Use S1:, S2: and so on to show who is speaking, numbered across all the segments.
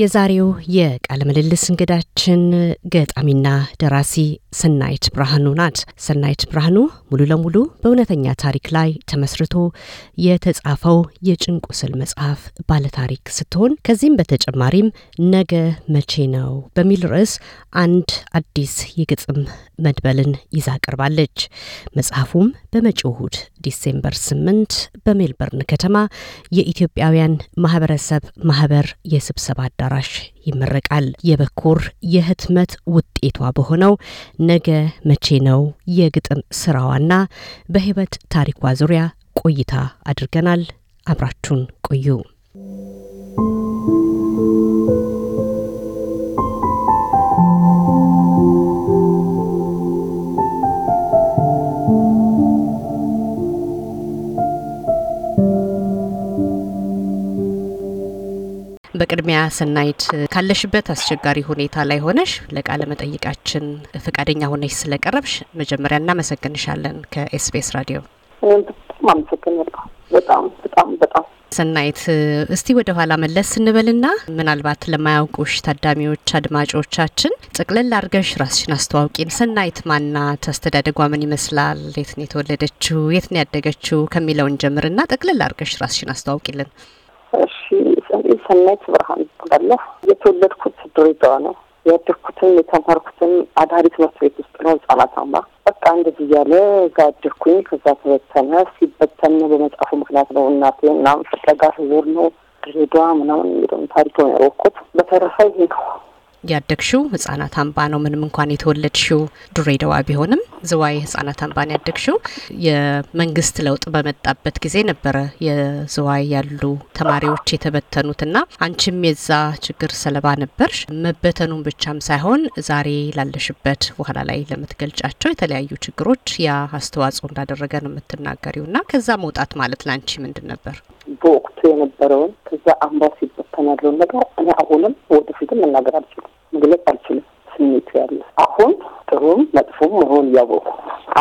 S1: የዛሬው የቃለ ምልልስ እንግዳችን ገጣሚና ደራሲ ሰናይት ብርሃኑ ናት። ሰናይት ብርሃኑ ሙሉ ለሙሉ በእውነተኛ ታሪክ ላይ ተመስርቶ የተጻፈው የጭንቁ ስል መጽሐፍ ባለታሪክ ስትሆን ከዚህም በተጨማሪም ነገ መቼ ነው በሚል ርዕስ አንድ አዲስ የግጥም መድበልን ይዛ ቀርባለች። መጽሐፉም በመጪው እሁድ ዲሴምበር 8 በሜልበርን ከተማ የኢትዮጵያውያን ማህበረሰብ ማህበር የስብሰባ አዳራሽ አዳራሽ ይመረቃል። የበኩር የህትመት ውጤቷ በሆነው ነገ መቼ ነው የግጥም ስራዋና በህይወት ታሪኳ ዙሪያ ቆይታ አድርገናል። አብራችሁን ቆዩ። በቅድሚያ ሰናይት ካለሽበት አስቸጋሪ ሁኔታ ላይ ሆነሽ ለቃለ መጠይቃችን ፈቃደኛ ሆነሽ ስለቀረብሽ መጀመሪያ እናመሰግንሻለን ከኤስቢኤስ ራዲዮ።
S2: በጣም በጣም
S1: በጣም በጣም ሰናይት፣ እስቲ ወደ ኋላ መለስ ስንበልና ምናልባት ለማያውቁሽ ታዳሚዎች፣ አድማጮቻችን ጠቅለል አድርገሽ ራስሽን አስተዋውቂን። ሰናይት ማናት? አስተዳደጓ ምን ይመስላል? የት ነው የተወለደችው? የት ነው ያደገችው? ከሚለውን ጀምርና ጠቅለል አድርገሽ ራስሽን አስተዋውቂልን።
S2: እሺ ጭምሪ ሰናይት ብርሃን ትባላለህ። የተወለድኩት ድሬዳዋ ነው። ያደግኩትም የተማርኩትም አዳሪ ትምህርት ቤት ውስጥ ነው። ህጻናት አምባ በቃ እንደዚህ እያለ እዛ አደግኩኝ። ከዛ ተበተነ። ሲበተን በመጽሐፉ ምክንያት ነው። እናቴ ምናምን ፍለጋ ስዞር ነው ድሬዳዋ ምናምን የሚለውን ታሪክ ነው ያወቅኩት። በተረፈ ይሄ ነው።
S1: ያደግሽው ህጻናት አምባ ነው። ምንም እንኳን የተወለድሽው ድሬዳዋ ቢሆንም ዝዋይ ህጻናት አምባን ያደግሽው የመንግስት ለውጥ በመጣበት ጊዜ ነበረ የዝዋይ ያሉ ተማሪዎች ና አንቺም የዛ ችግር ሰለባ ነበርሽ። መበተኑን ብቻም ሳይሆን ዛሬ ላለሽበት በኋላ ላይ ለምትገልጫቸው የተለያዩ ችግሮች ያ አስተዋጽኦ እንዳደረገ ነው የምትናገሪውና ከዛ መውጣት ማለት ለአንቺ ምንድን ነበር?
S2: በወቅቱ የነበረውን ከዛ አምባ ሲበተናለውን ነገር እኔ አሁንም ወደፊትም መናገር አልችልም። መግለጽ አልችልም። ስሜቱ ያለ አሁን ጥሩም መጥፎም መሆን እያወቁ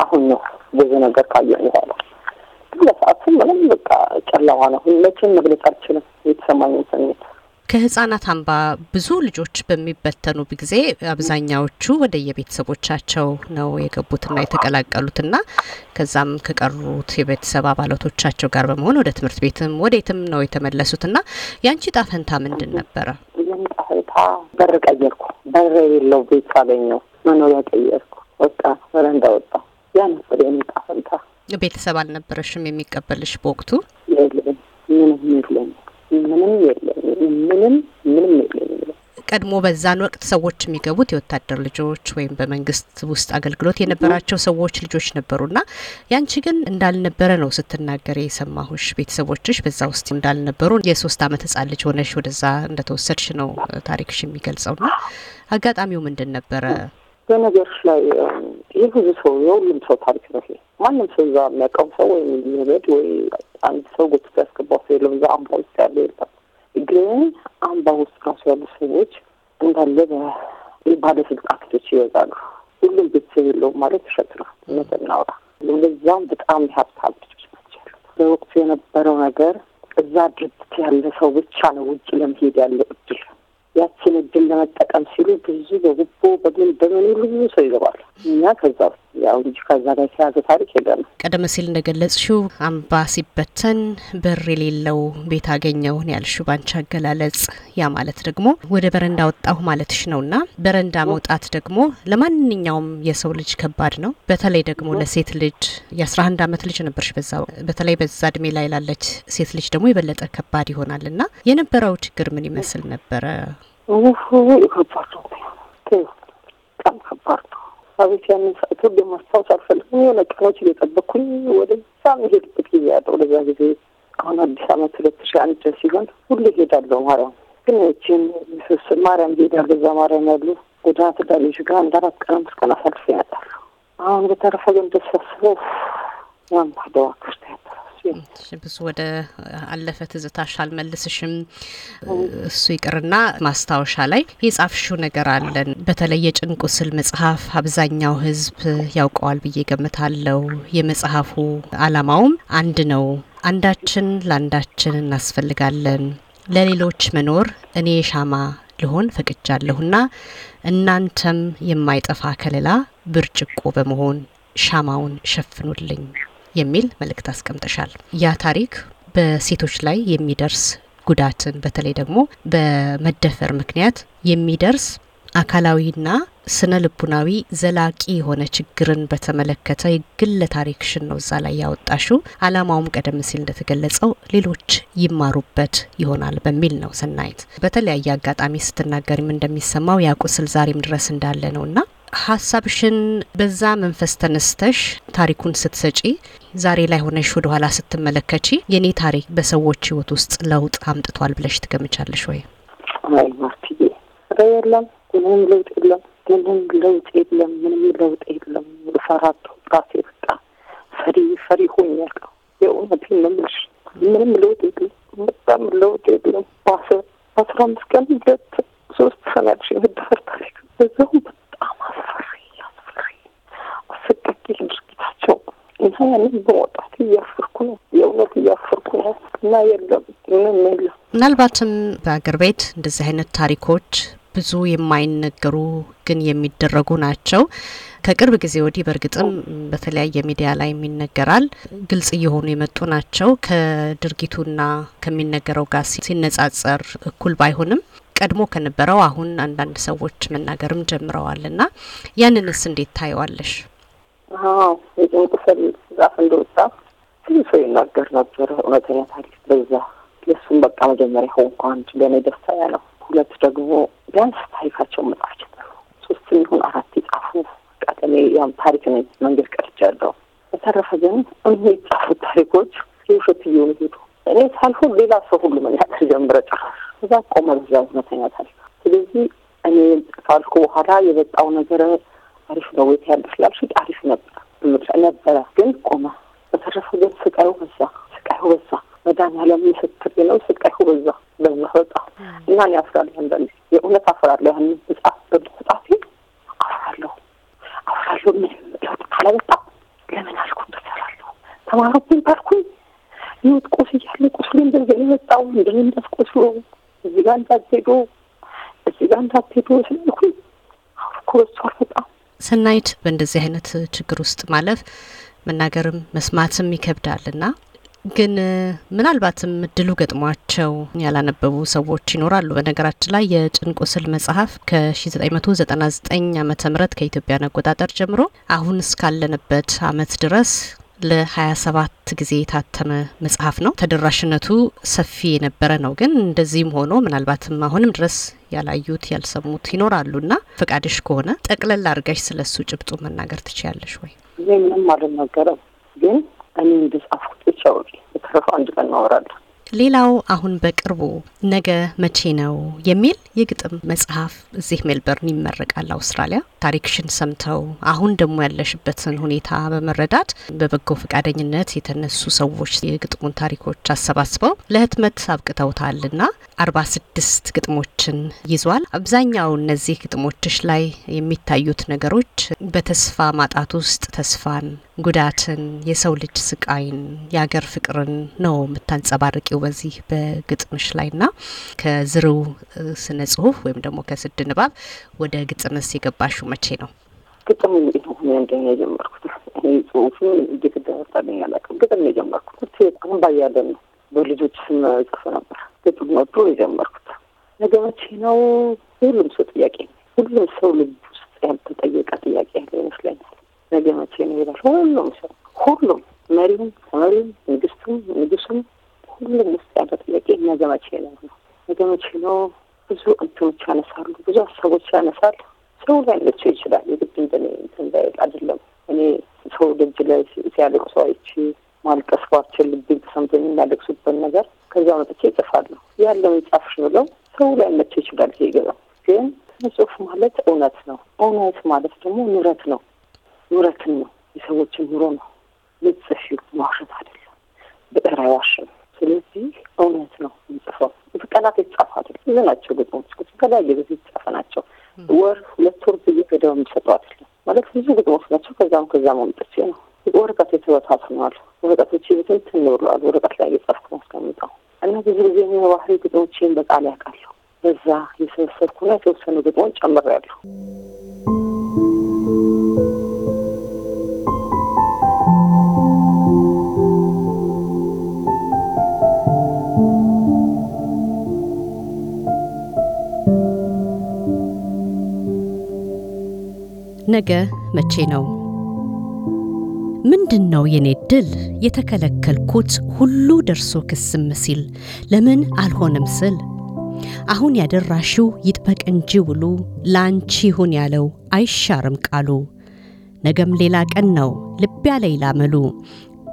S2: አሁን ነው ብዙ ነገር ካየሁ በኋላ ግን ለሰዓቱ ምንም በቃ ጨለማ ነው። መቼም መግለጽ አልችልም የተሰማኝን ስሜት
S1: ከህጻናት አምባ ብዙ ልጆች በሚበተኑ ጊዜ አብዛኛዎቹ ወደ የቤተሰቦቻቸው ነው የገቡትና የተቀላቀሉትና ከዛም ከቀሩት የቤተሰብ አባላቶቻቸው ጋር በመሆን ወደ ትምህርት ቤትም ወዴትም ነው የተመለሱትና ያንቺ ጣፈንታ ምንድን ነበረ?
S2: ጣፈንታ በር ቀየርኩ። በር የሌለው ቤት ካገኘው መኖሪያ ቀየርኩ። ወጣ በረንዳ ወጣ። ያ ነበር የሚጣፈንታ።
S1: ቤተሰብ አልነበረሽም የሚቀበልሽ በወቅቱ? ቀድሞ በዛን ወቅት ሰዎች የሚገቡት የወታደር ልጆች ወይም በመንግስት ውስጥ አገልግሎት የነበራቸው ሰዎች ልጆች ነበሩና ያንቺ ግን እንዳልነበረ ነው ስትናገር የሰማሁሽ። ቤተሰቦችሽ በዛ ውስጥ እንዳልነበሩ የሶስት አመት ህጻን ልጅ ሆነሽ ወደዛ እንደተወሰድሽ ነው ታሪክሽ የሚገልጸውና አጋጣሚው ምንድን ነበረ?
S2: በነገርሽ ላይ ይህ ብዙ ሰው የሁሉም ሰው ታሪክ ነው። ማንም ሰው እዛ የሚያውቀው ሰው ወይም የሚሄድ ወይ አንድ ሰው ጉት ያስገባው ሰው የለም። እዛ አምባ ውስጥ ያለ የለም። ግን አምባ ውስጥ ራሱ ያሉ ሰዎች እንዳለ ባለስልጣቶች ይወዛሉ። ሁሉም ቤተሰብ የለውም ማለት ውሸት ነው። እውነት እናውራ። ለዛም በጣም የሀብታም ልጆች ናቸው። በወቅቱ የነበረው ነገር እዛ ድርጅት ያለ ሰው ብቻ ነው ውጭ ለመሄድ ያለው እድል። ያችን እድል ለመጠቀም ሲሉ ብዙ በጉቦ በምን በምን ሁሉ ሰው ይገባል እኛ ከዛ ውስጥ ያው እንጂ ከዛ ጋር የተያዘ ታሪክ የለም።
S1: ቀደም ሲል እንደገለጽሽው አምባ ሲበተን በር የሌለው ቤት አገኘውን ያልሽው ባንቺ አገላለጽ፣ ያ ማለት ደግሞ ወደ በረንዳ ወጣሁ ማለትሽ ነው እና በረንዳ መውጣት ደግሞ ለማንኛውም የሰው ልጅ ከባድ ነው። በተለይ ደግሞ ለሴት ልጅ የአስራ አንድ አመት ልጅ ነበርሽ በዛ በተለይ በዛ እድሜ ላይ ላለች ሴት ልጅ ደግሞ የበለጠ ከባድ ይሆናል እና የነበረው ችግር ምን ይመስል ነበረ?
S2: ከባድ ነው፣ በጣም ከባድ ነው። አቤት ያንን ሰዓት ህግ ማስታወስ አልፈልግም። የሆነ ቀኖች እየጠበቅኩኝ ወደዛ መሄድበት ጊዜ ያለ ወደዛ ጊዜ አሁን አዲስ አመት ሁለት ሺ አንድ ሲሆን ሁሉ ይሄዳለሁ ማርያም ግን ችን ስስል ማርያም ይሄዳል። እዛ ማርያም ያሉ ጎዳና ተዳሪዎች ጋር አንድ አራት ቀን አምስት ቀን አሳልፌ ያጣለሁ። አሁን በተረፈ ግን ደስ ያስበው ያም ደዋ ክርስቲያን
S1: ብዙ ወደ አለፈ ትዝታሽ አልመልስሽም። እሱ ይቅርና ማስታወሻ ላይ የጻፍሽው ነገር አለን። በተለይ የጭን ስል መጽሐፍ አብዛኛው ህዝብ ያውቀዋል ብዬ ገምታለው። የመጽሐፉ አላማውም አንድ ነው። አንዳችን ለአንዳችን እናስፈልጋለን። ለሌሎች መኖር እኔ የሻማ ልሆን ፈቅጃለሁና እናንተም የማይጠፋ ከለላ ብርጭቆ በመሆን ሻማውን ሸፍኑልኝ። የሚል መልእክት አስቀምጠሻል። ያ ታሪክ በሴቶች ላይ የሚደርስ ጉዳትን በተለይ ደግሞ በመደፈር ምክንያት የሚደርስ አካላዊና ስነ ልቡናዊ ዘላቂ የሆነ ችግርን በተመለከተ የግለ ታሪክሽን ነው እዛ ላይ ያወጣሽው። አላማውም ቀደም ሲል እንደተገለጸው ሌሎች ይማሩበት ይሆናል በሚል ነው። ስናይት በተለያየ አጋጣሚ ስትናገሪም እንደሚሰማው ያ ቁስል ዛሬም ድረስ እንዳለ ነው እና ሀሳብሽን በዛ መንፈስ ተነስተሽ ታሪኩን ስትሰጪ ዛሬ ላይ ሆነሽ ወደ ኋላ ስትመለከቺ የኔ ታሪክ በሰዎች ህይወት ውስጥ ለውጥ አምጥቷል ብለሽ ትገምቻለሽ ወይ?
S2: አይ የለም፣ ምንም ለውጥ የለም፣ ምንም ለውጥ የለም፣ ምንም ለውጥ የለም። ፈራቶ ራሴ በቃ ፈሪ ፈሪ ሆኛል። የእውነቴን ነው የምልሽ፣ ምንም ለውጥ የለም፣ በጣም ለውጥ የለም። አስራ አስራ አምስት ቀን ሁለት ሶስት ሰናድሽ ህድ ፈርታለች በዛው በጣም አስፈሪ አሰቃቂ ጌታቸው እና ያንን በወጣት እያፈርኩ ነው፣ የእውነት እያፈርኩ ነው። እና የለም ምንም የለም።
S1: ምናልባትም በአገር ቤት እንደዚህ አይነት ታሪኮች ብዙ የማይነገሩ ግን የሚደረጉ ናቸው። ከቅርብ ጊዜ ወዲህ በእርግጥም በተለያየ ሚዲያ ላይ ይነገራል፣ ግልጽ እየሆኑ የመጡ ናቸው። ከድርጊቱና ከሚነገረው ጋር ሲነጻጸር እኩል ባይሆንም ቀድሞ ከነበረው አሁን አንዳንድ ሰዎች መናገርም ጀምረዋል እና ያንንስ እንዴት ታየዋለሽ?
S2: አዎ የጭንቅፈል ዛፍ እንደወጣ ብዙ ሰው ይናገር ነበር። እውነተኛ ታሪክ በዛ ለሱም በቃ መጀመሪያ ሆንኩ። አንድ ለእኔ ደስታ ያ ነው። ሁለት ደግሞ ቢያንስ ታሪካቸው መጻፍ ጀመሩ። ሶስት የሚሆን አራት ይጻፉ። ቀጠሜ ያም ታሪክ ነ መንገድ ቀርጃለሁ። በተረፈ ግን እኔ የጻፉት ታሪኮች የውሸት እየሆኑ ሄዱ። እኔ ሳልሆን ሌላ ሰው ሁሉ መናገር ጀምረ ጫፍ ብዛት ቆመ ብዛት መተኛታል። ስለዚህ እኔ ካልኩ በኋላ የበጣው ነገር አሪፍ ነው ወይት ያለሽ ላልሽኝ አሪፍ ነበር ነበረ፣ ግን ቆመ። በተረፈ ግን ስቃዩ በዛ፣ ስቃዩ በዛ። መድኃኒዓለም ምስክር ነው። ስቃዩ በዛ በዛ በጣም እና እኔ አፍራለሁ፣ አንዳንዴ የእውነት አፍራለሁ። ያን መጽሐፍ በመጽሐፌ አፍራለሁ፣ አፍራለሁ። ምንም ለውጥ ካላመጣ ለምን አልኩ እሰራለሁ። ተማሩብኝ ባልኩኝ ይወጥ ቁስ እያለ ቁስሉ እንደዚህ የመጣው እንደምንደስ ቁስሉ እዛ እንዳትሄዱ እዚህ ጋር እንዳትሄዱ ስልኩኝ በጣም ስናይት
S1: በእንደዚህ አይነት ችግር ውስጥ ማለፍ መናገርም መስማትም ና ግን ምናልባትም እድሉ ገጥሟቸው ያላነበቡ ሰዎች ይኖራሉ። በነገራችን ላይ የጭንቁስል መጽሐፍ ከ 999 ዓ ም ከኢትዮጵያን አቆጣጠር ጀምሮ አሁን እስካለንበት አመት ድረስ ለ27 ጊዜ የታተመ መጽሐፍ ነው። ተደራሽነቱ ሰፊ የነበረ ነው። ግን እንደዚህም ሆኖ ምናልባትም አሁንም ድረስ ያላዩት ያልሰሙት ይኖራሉ ይኖራሉና ፈቃድሽ ከሆነ ጠቅለል አድርጋሽ ስለ እሱ ጭብጡ
S2: መናገር ትችያለሽ ወይ? ምንም አልነገረም ግን እኔ እንደጻፍኩት ብቻ በተረፈ አንድ ቀን እናወራለን።
S1: ሌላው አሁን በቅርቡ ነገ መቼ ነው የሚል የግጥም መጽሐፍ እዚህ ሜልበርን ይመረቃል አውስትራሊያ። ታሪክሽን ሰምተው አሁን ደግሞ ያለሽበትን ሁኔታ በመረዳት በበጎ ፈቃደኝነት የተነሱ ሰዎች የግጥሙን ታሪኮች አሰባስበው ለህትመት ና አርባ ስድስት ግጥሞችን ይዟል። አብዛኛው እነዚህ ግጥሞችሽ ላይ የሚታዩት ነገሮች በተስፋ ማጣት ውስጥ ተስፋን፣ ጉዳትን፣ የሰው ልጅ ስቃይን፣ የአገር ፍቅርን ነው የምታንጸባርቂው በዚህ በግጥምሽ ላይ ና ከዝርው ስነ ጽሁፍ ወይም ደግሞ ከስድ ንባብ ወደ ግጥምስ የገባሹ መቼ ነው?
S2: ግጥም ሆነ እንደኛ የጀመርኩት እኔ ጽሁፉ እንዴት እንደመጣልኝ አላውቅም። ግጥም ነው የጀመርኩት አምባ እያለን ነው። በልጆች ስም ጽፍ ነበር። ግጥም ወዶ የጀመርኩት ነገ መቼ ነው? ሁሉም ሰው ጥያቄ ነው። ሁሉም ሰው ልብ ውስጥ ያልተጠየቀ ጥያቄ ያለ ይመስለኛል። ነገ መቼ ነው ይላል ሁሉም ሰው። ሁሉም መሪውም፣ ተመሪውም፣ ንግስቱም፣ ንጉሱም ሁሉም ውስጥ ያለው ጥያቄ ነገመቼ ነው ነው። ነው ብዙ እንትኖች ያነሳሉ፣ ብዙ ሀሳቦች ያነሳሉ። ሰው ላይ ላይመቸው ይችላል። የግድ እንትን እንትን እንዳይል አይደለም። እኔ ሰው ደጅ ላይ ሲያለቅሱ አይቼ ማልቀስ ባልችል ልቤን ተሰምቶኝ የሚያለቅሱበት ነገር ከዛ መጥቼ ይጽፋለሁ። ያለውን ጻፍሽ ብለው ሰው ላይ ላይመቸው ይችላል። ይሄ ገዛ ግን ጽሑፍ ማለት እውነት ነው። እውነት ማለት ደግሞ ኑረት ነው። ኑረትን ነው የሰዎችን ኑሮ ነው ልጽፊ፣ መዋሸት አይደለም። ብዕር አይዋሽም። እውነት ነው የምጽፈው። ቃላት የተጻፉ አይደል ብዙ ናቸው። ግጥሞች ከተለያየ ጊዜ የተጻፈ ናቸው። ወር ሁለት ወር ብዬ ገደው የሚሰጠው አይደለም ማለት ብዙ ግጥሞች ናቸው። ከዛም ከዛም መምጥቼ ነው ወረቀት የተበታትነዋል። ወረቀቶች ብትንትን ብለዋል። ወረቀት ላይ የጻፍኩ ማስቀምጠው እና ብዙ ጊዜ ባህሪ ግጥሞቼን በቃል ያውቃለሁ። በዛ የሰበሰብኩና የተወሰኑ ግጥሞች ጨምሬያለሁ።
S1: ነገ መቼ ነው? ምንድን ነው የኔ ድል? የተከለከልኩት ሁሉ ደርሶ ክስም ሲል ለምን አልሆነም ስል አሁን ያደራሽው ይጥበቅ እንጂ ውሉ ለአንቺ ይሁን ያለው አይሻርም ቃሉ። ነገም ሌላ ቀን ነው ልብ ያለ ይላመሉ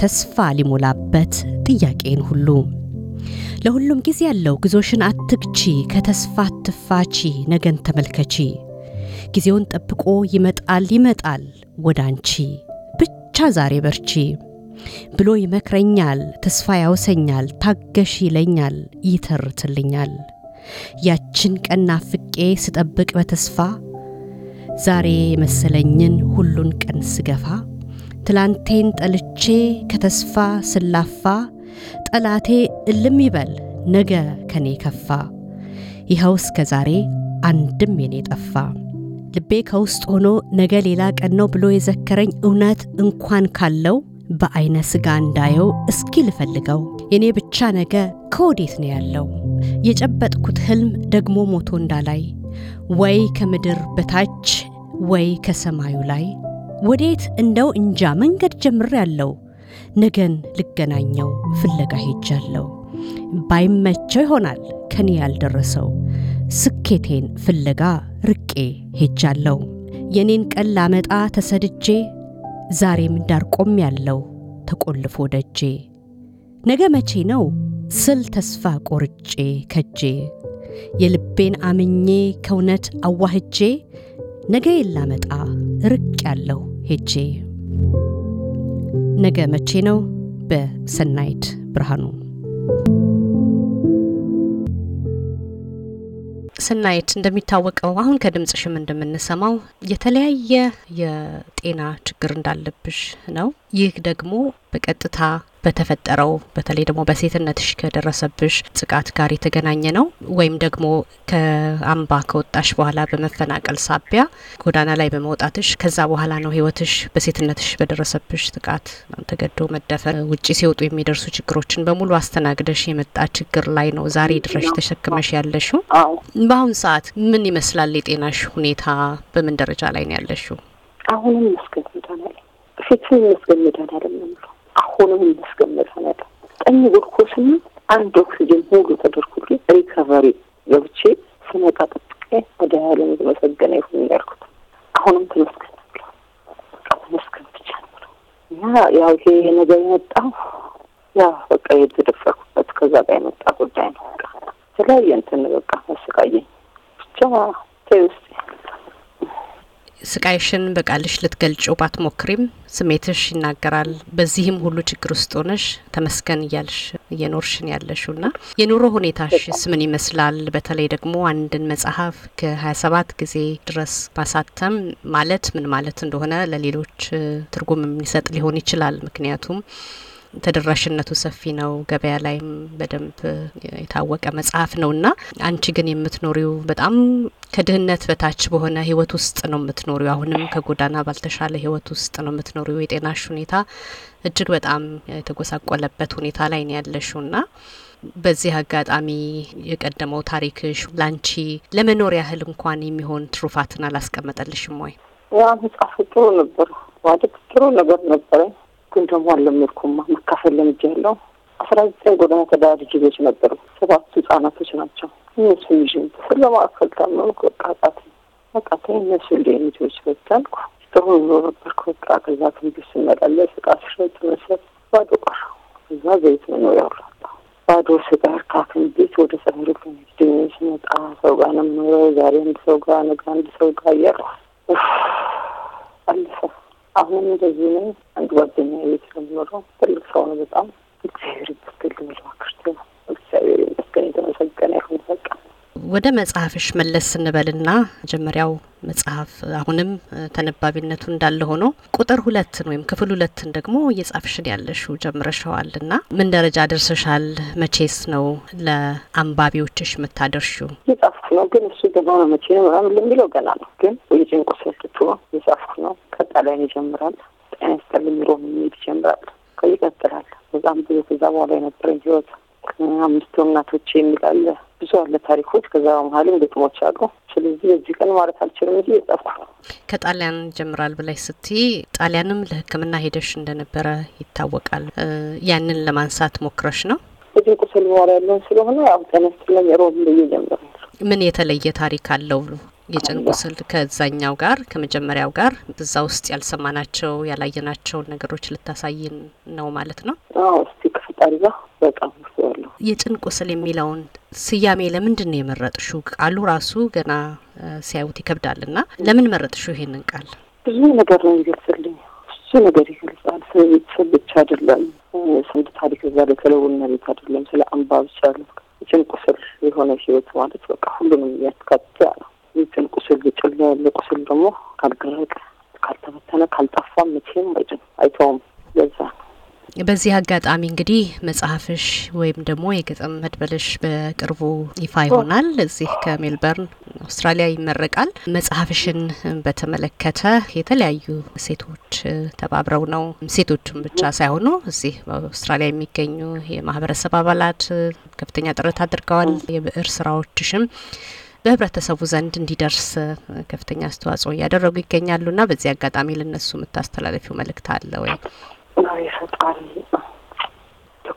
S1: ተስፋ ሊሞላበት ጥያቄን ሁሉ ለሁሉም ጊዜ ያለው ግዞሽን አትግቺ ከተስፋ አትፋቺ ነገን ተመልከቺ። ጊዜውን ጠብቆ ይመጣል ይመጣል ወደ አንቺ ብቻ ዛሬ በርቺ ብሎ ይመክረኛል፣ ተስፋ ያውሰኛል፣ ታገሽ ይለኛል፣ ይተርትልኛል። ያችን ቀን ፍቄ ስጠብቅ በተስፋ ዛሬ የመሰለኝን ሁሉን ቀን ስገፋ ትላንቴን ጠልቼ ከተስፋ ስላፋ ጠላቴ እልም ይበል ነገ ከኔ ከፋ ይኸው እስከ ዛሬ አንድም የኔ ጠፋ ልቤ ከውስጥ ሆኖ ነገ ሌላ ቀን ነው ብሎ የዘከረኝ እውነት እንኳን ካለው በአይነ ሥጋ እንዳየው እስኪ ልፈልገው። የኔ ብቻ ነገ ከወዴት ነው ያለው? የጨበጥኩት ሕልም ደግሞ ሞቶ እንዳላይ ወይ ከምድር በታች ወይ ከሰማዩ ላይ ወዴት እንደው እንጃ መንገድ ጀምር ያለው ነገን ልገናኘው ፍለጋ ሄጃለሁ። ባይመቸው ይሆናል ከኔ ያልደረሰው ስኬቴን ፍለጋ ርቄ ሄጃለሁ። የኔን ቀን ላመጣ ተሰድጄ ዛሬም ዳር ቆም ያለው ተቆልፎ ደጄ። ነገ መቼ ነው ስል ተስፋ ቆርጬ ከጄ የልቤን አምኜ ከእውነት አዋህጄ ነገ የላመጣ ርቅ ያለው ሄጄ። ነገ መቼ ነው በሰናይት ብርሃኑ ስናየት እንደሚታወቀው አሁን ከድምጽሽም እንደምንሰማው የተለያየ የጤና ችግር እንዳለብሽ ነው። ይህ ደግሞ በቀጥታ በተፈጠረው በተለይ ደግሞ በሴትነትሽ ከደረሰብሽ ጥቃት ጋር የተገናኘ ነው ወይም ደግሞ ከአምባ ከወጣሽ በኋላ በመፈናቀል ሳቢያ ጎዳና ላይ በመውጣትሽ ከዛ በኋላ ነው ህይወትሽ በሴትነትሽ በደረሰብሽ ጥቃት ተገዶ መደፈር፣ ውጭ ሲወጡ የሚደርሱ ችግሮችን በሙሉ አስተናግደሽ የመጣ ችግር ላይ ነው ዛሬ ድረሽ ተሸክመሽ ያለሽው። በአሁን ሰዓት ምን ይመስላል የጤናሽ ሁኔታ? በምን ደረጃ ላይ ነው ያለሽው?
S2: አሁንም መስገድ ሚዳን አለ ፊት አሁንም እያስገመጠ መጣ። ቀኝ ግሉኮስና አንድ ኦክሲጅን ሙሉ ተደርኩል ሪከቨሪ ገብቼ ስመጣ ጠጥቄ ወደ ያለ የተመሰገነ ይሁን ያልኩት አሁንም ተመስገን ተመስገን ብቻ ነው። ያ ያው ይሄ ነገር የመጣው ያ በቃ የተደፈርኩበት ከዛ ጋር የመጣ ጉዳይ ነው። በቃ የተለያየ እንትን በቃ መስቃየኝ
S1: ብቻ ተይውስ ስቃይሽን በቃልሽ ልትገልጪው ባትሞክሪም ስሜትሽ ይናገራል። በዚህም ሁሉ ችግር ውስጥ ሆነሽ ተመስገን እያልሽ እየኖርሽን ያለሽው ና የኑሮ ሁኔታሽ ምን ይመስላል? በተለይ ደግሞ አንድን መጽሐፍ ከሀያ ሰባት ጊዜ ድረስ ማሳተም ማለት ምን ማለት እንደሆነ ለሌሎች ትርጉም የሚሰጥ ሊሆን ይችላል። ምክንያቱም ተደራሽነቱ ሰፊ ነው። ገበያ ላይም በደንብ የታወቀ መጽሐፍ ነው እና አንቺ ግን የምትኖሪው በጣም ከድህነት በታች በሆነ ህይወት ውስጥ ነው የምትኖሪው። አሁንም ከጎዳና ባልተሻለ ህይወት ውስጥ ነው የምትኖሪው። የጤናሽ ሁኔታ እጅግ በጣም የተጎሳቆለበት ሁኔታ ላይ ነው ያለሽው እና በዚህ አጋጣሚ የቀደመው ታሪክሽ ላንቺ ለመኖር ያህል እንኳን የሚሆን ትሩፋትን አላስቀመጠልሽም ወይ?
S2: ያ መጽሐፍ ጥሩ ነበር ማለት ጥሩ ነገር ነበረ ግን ደግሞ አልለመድኩማ መካፈል ለምጃ ያለው አስራ ዘጠኝ ጎዳና ተዳሪ ልጆች ነበሩ። ሰባቱ ህጻናቶች ናቸው። እነሱ ይዤ ስለ ማዕከል ታመምኩ። በቃጣት በቃታ እነሱ እንደ ልጆች በታልኩ ጥሩ ኑሮ ነበርኩ። በቃ ከዛ ትንቢት ስመላለስ እቃ ስሸጥ መሰል ባዶ ቀረ። እዛ ዘይት መኖሪያ ሁላጣ ባዶ ስጋር ካክን ቤት ወደ ጸምሪ ድኝ ስመጣ ሰው ጋር ነው የምኖረው። ዛሬ አንድ ሰው ጋር ነገ አንድ ሰው ጋር እያለሁ አለፈ። አሁንም እንደዚህ ነው። አንድ ጓደኛ ቤት ነው የምኖረው። ትልቅ ሰው ነው በጣም እግዚአብሔር ይመስገን ልበል ነው እግዚአብሔር ይመስገን
S1: የተመሰገነ ይሁን። በቃ ወደ መጽሐፍሽ መለስ ስንበልና መጀመሪያው መጽሐፍ አሁንም ተነባቢነቱ እንዳለ ሆኖ ቁጥር ሁለትን ወይም ክፍል ሁለትን ደግሞ እየጻፍሽን ያለሽው ጀምረሸዋል እና ምን ደረጃ ደርሰሻል? መቼስ ነው ለአንባቢዎችሽ የምታደርሹ?
S2: እየጻፍኩ ነው ግን እሱ ገባ መቼ ነው ምናምን ለሚለው ገና ነው ግን የጭንቁ ስልትቶ እየጻፍኩ ነው ጣሊያን ይጀምራል። ጤና ይስጥልኝ ሮም የሚሄድ ይጀምራል። ይቀጥላል። በጣም ብዙ ከዛ በኋላ የነበረኝ ህይወት አምስቱ እናቶች የሚላለ ብዙ አለ ታሪኮች። ከዛ መሀልም ግጥሞች አሉ። ስለዚህ በዚህ ቀን ማለት አልችልም እንጂ የጻፍኩ
S1: ከጣሊያን ጀምራል ብላይ ስቲ ጣሊያንም ለህክምና ሄደሽ እንደነበረ ይታወቃል። ያንን ለማንሳት ሞክረሽ ነው
S2: እዚህ ቁስል በኋላ ያለውን ስለሆነ ያው ተነስትለን የሮም ብዬ ጀምራል። ምን የተለየ
S1: ታሪክ አለው? ብሎ የጭን ቁስል ከዛኛው ጋር ከመጀመሪያው ጋር እዛ ውስጥ ያልሰማናቸው ያላየናቸውን ነገሮች ልታሳይን ነው ማለት ነው።
S2: እስቲ ከፈጣሪ ጋር በጣም
S1: ያለው የጭን ቁስል የሚለውን ስያሜ ለምንድን ነው የመረጥሹ? ቃሉ ራሱ ገና ሲያዩት ይከብዳል ይከብዳልና ለምን መረጥሹ ይሄንን ቃል?
S2: ብዙ ነገር ነው ይገልጽልኝ ብዙ ነገር ይገልጻል። ስለ ቤተሰብ ብቻ አይደለም፣ ስንት ታሪክ እዛ ላይ ስለቡና ቤት አይደለም፣ ስለ አንባብ ጫሉ የጭን ቁስል የሆነ ህይወት ማለት በቃ ሁሉንም ያካትታል። ቁስል ቁስል ውጭል ያለ ቁስል ደግሞ ካልደረቀ ካልተበተነ ካልጠፋ መቼም አይጭም አይተውም። ለዛ
S1: በዚህ አጋጣሚ እንግዲህ መጽሐፍሽ ወይም ደግሞ የግጥም መድበልሽ በቅርቡ ይፋ ይሆናል። እዚህ ከሜልበርን አውስትራሊያ ይመረቃል። መጽሐፍሽን በተመለከተ የተለያዩ ሴቶች ተባብረው ነው ሴቶቹን ብቻ ሳይሆኑ እዚህ በአውስትራሊያ የሚገኙ የማህበረሰብ አባላት ከፍተኛ ጥረት አድርገዋል። የብዕር ስራዎችሽም በህብረተሰቡ ዘንድ እንዲደርስ ከፍተኛ አስተዋጽኦ እያደረጉ ይገኛሉ ይገኛሉና በዚህ አጋጣሚ ልነሱ የምታስተላለፊው መልእክት አለ ወይ?
S2: ይፈጥቃል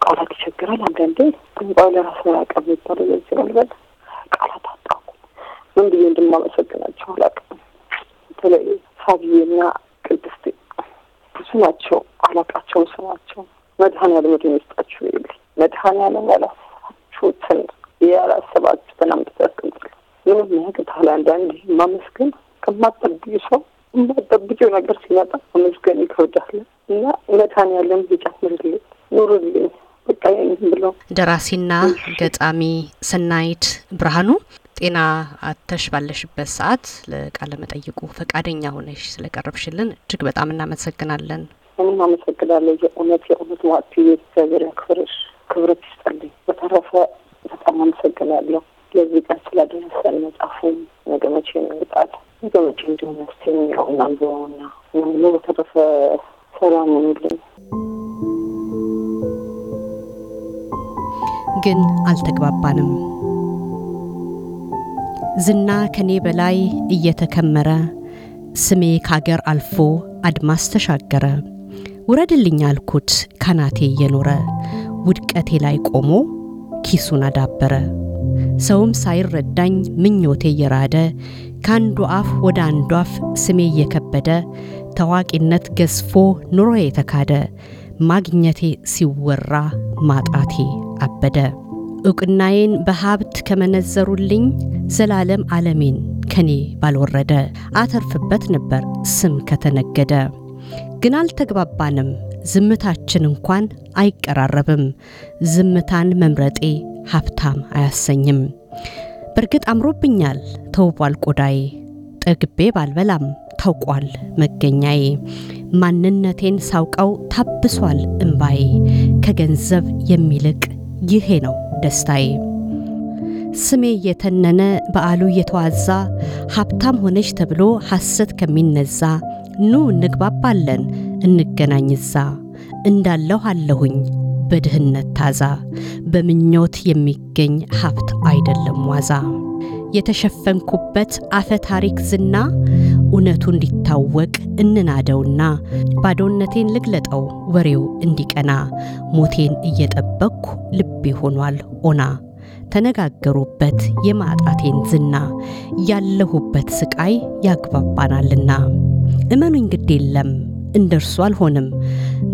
S2: ቃላት ይቸግራል። አንዳንዴ ድንቋ ለራስ መራቀብ የሚባለው በዚህ መልበል ቃላት አጣቁ ምን ብዬ እንድማመሰግናቸው አላውቅም። በተለይ ሳቢዬና ቅድስቴ ብዙ ናቸው። አላቃቸውም ስማቸው መድኃኔዓለም ዕድሜ ይስጣችሁ ይብል መድኃኔዓለም ያላሰባችሁትን ያላሰባችሁትን አምጥቶ ያስቀምጥል ምንም ያህል ታላንድ ማመስገን ከማጠብቅ ሰው የማጠብቂው ነገር ሲመጣ ማመስገን ይከብዳል እና እውነታን ያለን ይጨምርልን ኑርልኝ በቃ ብለው
S1: ደራሲና ገጣሚ ስናይድ ብርሃኑ ጤና አተሽ ባለሽበት ሰዓት ለቃለ መጠይቁ ፈቃደኛ ሆነሽ ስለቀረብሽልን እጅግ በጣም እናመሰግናለን።
S2: እኔም አመሰግናለሁ። የእውነት የእውነት ማዕት እግዚአብሔር ያክብርሽ፣ ክብረት ይስጠልኝ። በተረፈ በጣም አመሰግናለሁ። ለዚህ ቀን ስላደረሰን መጽሐፉም ነገ መቼ እንግጣት ነገ መቼ እንደሆነ የሚለውን አንብበውና ምሎ በተረፈ ሰላም ሆኑልኝ።
S1: ግን አልተግባባንም። ዝና ከኔ በላይ እየተከመረ ስሜ ካገር አልፎ አድማስ ተሻገረ። ውረድልኝ አልኩት ካናቴ እየኖረ ውድቀቴ ላይ ቆሞ ኪሱን አዳበረ። ሰውም ሳይረዳኝ ምኞቴ እየራደ ከአንዱ አፍ ወደ አንዱ አፍ ስሜ እየከበደ ታዋቂነት ገዝፎ ኑሮ የተካደ ማግኘቴ ሲወራ ማጣቴ አበደ። እውቅናዬን በሀብት ከመነዘሩልኝ ዘላለም ዓለሜን ከኔ ባልወረደ አተርፍበት ነበር ስም ከተነገደ። ግን አልተግባባንም ዝምታችን እንኳን አይቀራረብም። ዝምታን መምረጤ ሀብታም አያሰኝም። በእርግጥ አምሮብኛል ተውቧል ቆዳዬ፣ ጠግቤ ባልበላም ታውቋል መገኛዬ። ማንነቴን ሳውቀው ታብሷል እምባዬ። ከገንዘብ የሚልቅ ይሄ ነው ደስታዬ። ስሜ እየተነነ በዓሉ እየተዋዛ ሀብታም ሆነች ተብሎ ሐሰት ከሚነዛ ኑ እንግባባለን እንገናኝዛ እንዳለሁ አለሁኝ በድህነት ታዛ በምኞት የሚገኝ ሀብት አይደለም ዋዛ። የተሸፈንኩበት አፈ ታሪክ ዝና እውነቱ እንዲታወቅ እንናደውና ባዶነቴን ልግለጠው ወሬው እንዲቀና ሞቴን እየጠበቅኩ ልቤ ሆኗል ኦና። ተነጋገሩበት የማጣቴን ዝና ያለሁበት ስቃይ ያግባባናልና እመኑኝ ግድ የለም እንደርሱ አልሆንም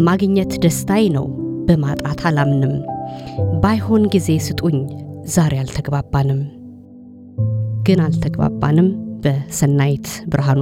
S1: ማግኘት ደስታዬ ነው በማጣት አላምንም። ባይሆን ጊዜ ስጡኝ፣ ዛሬ አልተግባባንም። ግን አልተግባባንም በሰናይት ብርሃኑ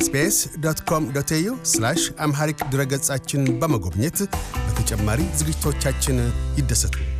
S1: ኤስቢኤስ ዶት ኮም ዶት ኤዩ አምሃሪክ ድረገጻችን
S2: በመጎብኘት በተጨማሪ ዝግጅቶቻችን ይደሰቱ።